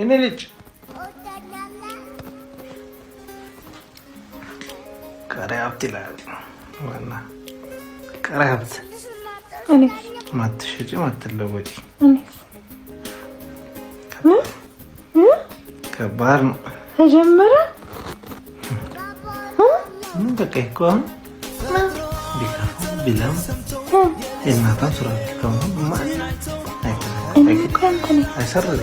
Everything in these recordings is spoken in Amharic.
Yine ልጅ ቀረሀብት ይላል ዋና ቀረሀብት ማትሸጪ ማትለወጪ ከባድ ነው። ተጀመረ በቃ እኮ አሁን የእናቷን ስራ ከሆነ አይሰረኝ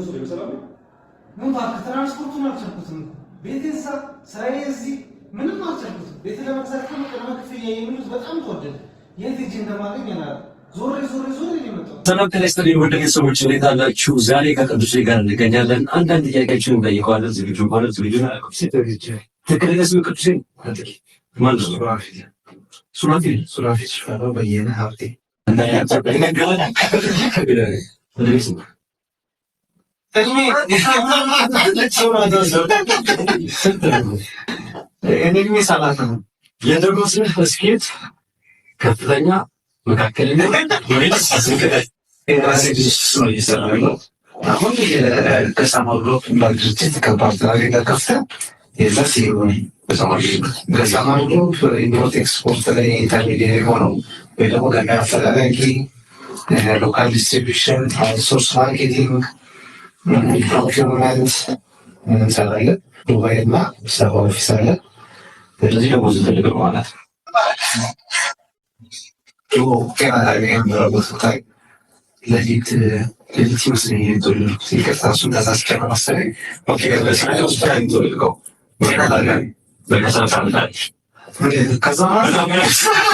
እነሱ ላይ በሰላም ነው አልቻልኩትም። ቤት እንሳ ስራዬ እዚህ ምንም አልቻልኩትም። ቤት ለመግዛት ከመቀደመ ክፍያ የሚሉት በጣም ተወደደ። የት እጅ እንደማገኝ ና ዞሬ ዞሬ ዞሬ የመጣ ወደ ቤተሰቦች እንዴት አላችሁ? ዛሬ ከቅዱሴ ጋር እንገኛለን። አንዳንድ ጥያቄዎችን ጠይቀዋለን። ዝግጁ ሆነ ዝግጁ ትክክለኛ ስም ቅዱሴ ማለት ነው። ሱራፊ እድሜ ሰላት ነው የደረስንህ ከፍተኛ መካከለኛ አሁን ድርጅት ኢምፖርት ኤክስፖርት ላይ የሆነው ወይ ደግሞ አፈላላጊ ሎካል ዲስትሪቢሽን ሶርስ ማርኬቲንግ ፕሮፌሽናል እንሰራለን። ሞባይል እና ሰባ ኦፊስ አለ። ስለዚህ ደሞዝ ትልቅ ነው ማለት ነው። ጤና ጣቢያ ይመስለኝ የተወለድኩት ሲቀጣ እሱ እንዳዛ ስጨር መሰለኝ ሆስፒታል ተወልቀው ጤና ጣቢያ በነሳ ሳምታለች ከዛ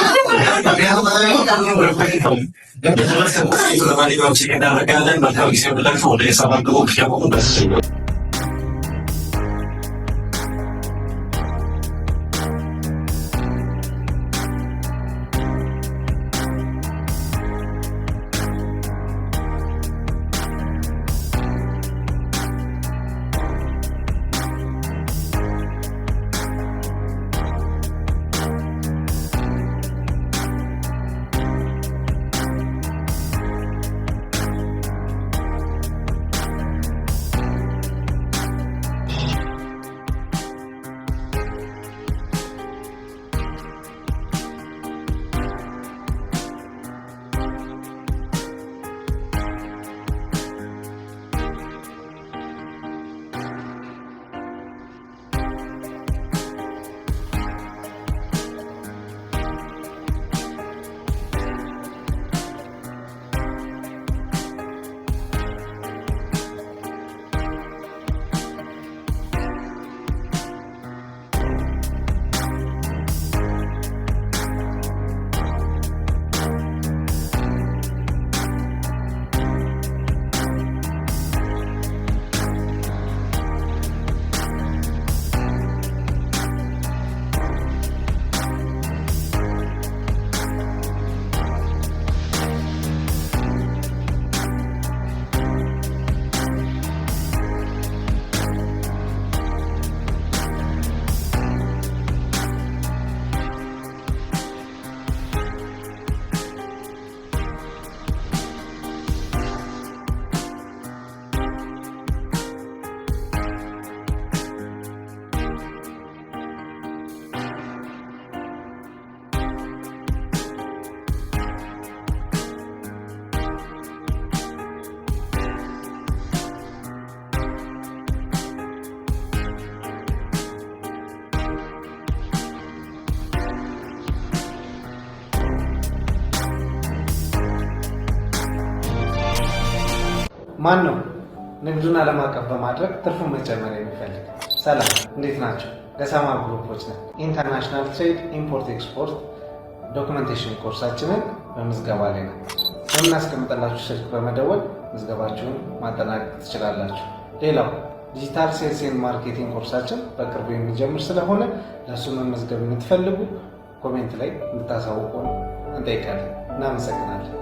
ማን ነው ንግዱን ዓለም አቀፍ በማድረግ ትርፉን መጨመር የሚፈልግ? ሰላም፣ እንዴት ናቸው? ለሰማ ግሩፖች ነን። ኢንተርናሽናል ትሬድ ኢምፖርት ኤክስፖርት ዶክመንቴሽን ኮርሳችንን በምዝገባ ላይ ነው። በምናስቀምጠላችሁ ስልክ በመደወል ምዝገባችሁን ማጠናቀቅ ትችላላችሁ። ሌላው ዲጂታል ሴልሴን ማርኬቲንግ ኮርሳችን በቅርቡ የሚጀምር ስለሆነ ለእሱ መመዝገብ የምትፈልጉ ኮሜንት ላይ እንድታሳውቁን እንጠይቃለን። እናመሰግናለን።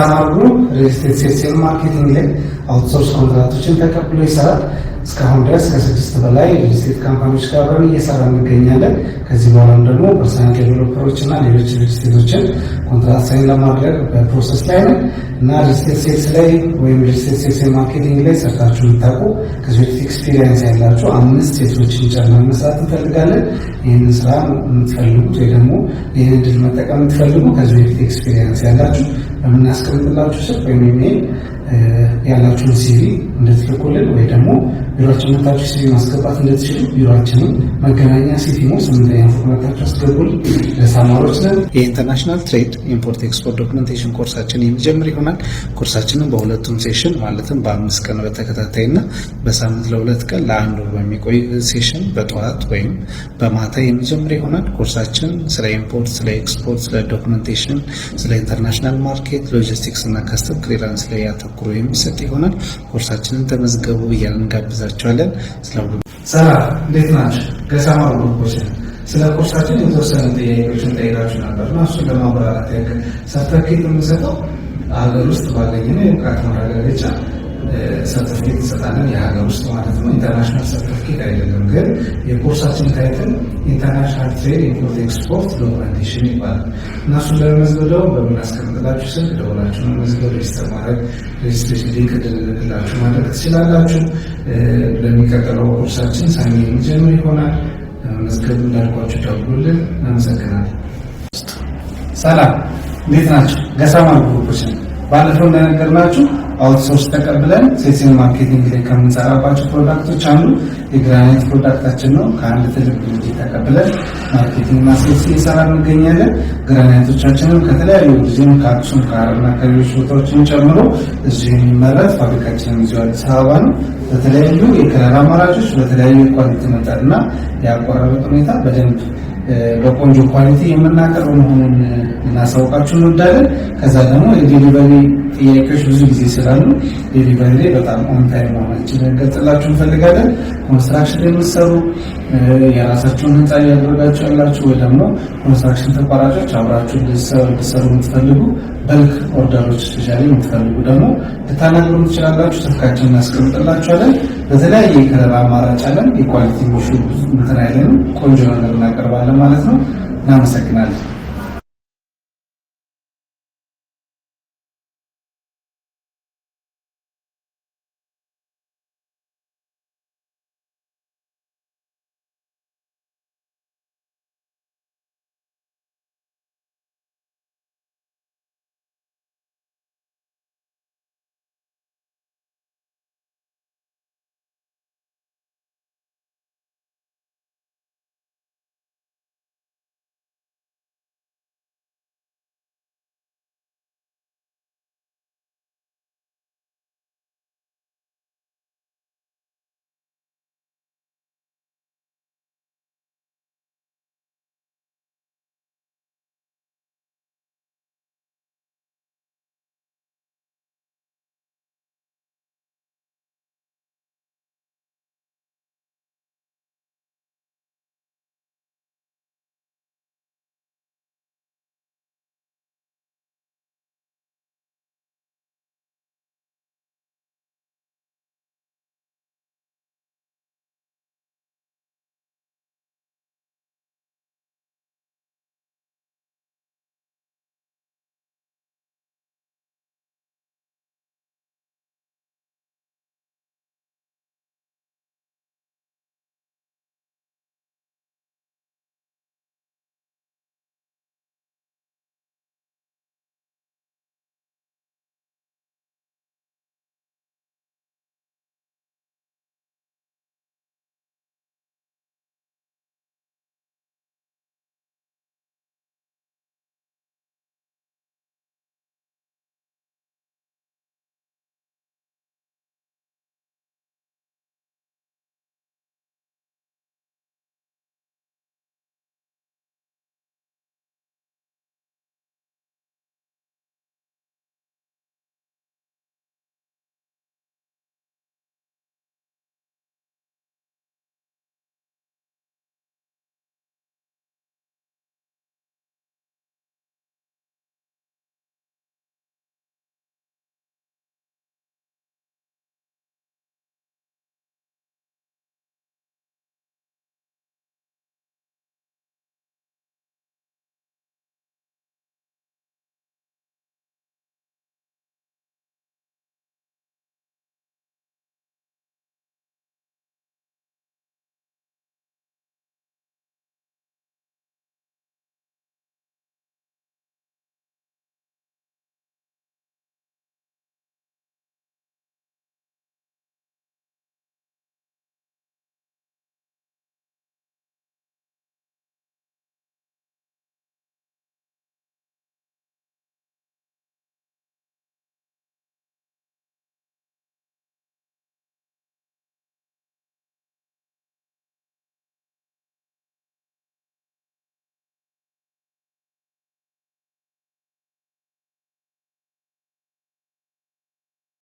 በዛም አድርጎ ሴል ማርኬቲንግ ላይ አውትሶርስ ኮንትራቶችን ተቀብሎ ይሰራል። እስካሁን ድረስ ከስድስት በላይ ሪልስቴት ካምፓኒዎች ጋር አብረን እየሰራ እንገኛለን። ከዚህ በኋላም ደግሞ ፐርሰናል ዴቨሎፐሮች እና ሌሎች ሪልስቴቶችን ኮንትራት ሳይን ለማድረግ በፕሮሰስ ላይ ነን እና ሪልስቴት ሴልስ ላይ ወይም ሪልስቴት ሴልስ ማርኬቲንግ ላይ ሰርታችሁ የምታውቁ ከዚህ በፊት ኤክስፒሪየንስ ያላችሁ አምስት ሴቶችን ጨምረን መስራት እንፈልጋለን። ይህንን ስራ የምትፈልጉት ወይ ደግሞ ይህን ድል መጠቀም የምትፈልጉ ከዚህ በፊት ኤክስፒሪየንስ ያላችሁ በምናስቀምጥላችሁ ስር ወይም ኢሜይል ያላችሁን ሲቪ እንድትልኩልን ወይ ደግሞ ቢሮችን መታችሁ ሲቪ ማስገባት እንደትችሉ ቢሮችንም መገናኛ ሲቲሞ ስምንተኛ ፎቅ መታችሁ ለሳማሮች ዘንድ የኢንተርናሽናል ትሬድ ኢምፖርት ኤክስፖርት ዶክመንቴሽን ኮርሳችን የሚጀምር ይሆናል። ኮርሳችንም በሁለቱም ሴሽን ማለትም በአምስት ቀን በተከታታይ ና በሳምንት ለሁለት ቀን ለአንድ በሚቆይ ሴሽን በጠዋት ወይም በማታ የሚጀምር ይሆናል። ኮርሳችን ስለ ኢምፖርት፣ ስለ ኤክስፖርት፣ ስለ ዶክመንቴሽን፣ ስለ ኢንተርናሽናል ማርኬት፣ ሎጂስቲክስ እና ከስተም ክሊራንስ ላይ ያተኩሮ የሚሰጥ ይሆናል። ኮርሳችንን ተመዝገቡ እያልን ጋብዛል። እናደርጋቸዋለን። ሰላም፣ እንዴት ናቸው? ገሳማ ግሩፖች ስለ ኮርሳችን የተወሰኑ ጥያቄዎችን ጠይቃችሁ ነበር እና እሱን ለማብራራት ያክል ሰርተፊኬት የምንሰጠው ሀገር ውስጥ ባገኘነው የብቃት ማረጋገጫ ሰርቲፊኬት እንሰጣለን። የሀገር ውስጥ ማለት ነው። ኢንተርናሽናል ሰርቲፊኬት አይደለም፣ ግን የኮርሳችን ታይትል ኢንተርናሽናል ትሬድ ኢምፖርት ኤክስፖርት ዶክመንቴሽን ይባላል እና እሱን ለመመዝገብ በምናስቀምጥላችሁ ስልክ ደውላችሁ መመዝገብ፣ ሬጅስተር ማድረግ፣ ሬጅስትሬሽን ሊንክ እንልክላችሁ ማድረግ ትችላላችሁ። ለሚቀጥለው ኮርሳችን ሳሚ የሚጀምር ይሆናል። መመዝገብ እንዳልኳችሁ ደውሉልን። አመሰግናለሁ። ሰላም፣ እንዴት ናቸው? ገሳማ ግሩፖች ባለፈው እንደነገርናችሁ አውትሶርስ ተቀብለን ሴልስና ማርኬቲንግ ላይ ከምንሰራባቸው ፕሮዳክቶች አንዱ የግራናይት ፕሮዳክታችን ነው። ከአንድ ትልቅ ድርጅት ተቀብለን ማርኬቲንግና ሴልስ እየሰራ እንገኛለን። ግራናይቶቻችንም ከተለያዩ ጊዜም ከአክሱም ከአረብና ከሌሎች ቦታዎችን ጨምሮ እዚሁ የሚመረት ፋብሪካችንም እዚሁ አዲስ አበባ ነው። በተለያዩ የከለር አማራጮች በተለያዩ የኳሊቲ መጠንና የአቆራረጥ ሁኔታ በደንብ በቆንጆ ኳሊቲ የምናቀርብ መሆኑን እናሳውቃችሁ እንወዳለን። ከዛ ደግሞ የዴሊቨሪ ጥያቄዎች ብዙ ጊዜ ስላሉ ዴሊቨሪ ላይ በጣም ኦንታይም መሆናችን ልንገልጽላችሁ እንፈልጋለን። ኮንስትራክሽን ላይ የምትሰሩ የራሳችሁን ህንፃ እያደረጋችሁ ያላችሁ ወይ ደግሞ ኮንስትራክሽን ተቋራጮች አብራችሁ እንዲሰሩ የምትፈልጉ በልክ ኦርደሮች ስፔሻሊ የምትፈልጉ ደግሞ ልታናግሩ ትችላላችሁ። ስልካችን እናስቀምጥላችኋለን። በተለያየ የከለር አማራጭ አለን። የኳሊቲ ሚሹ እንትን አይለንም። ቆንጆ ነገር እናቀርባለን ማለት ነው። እናመሰግናለን።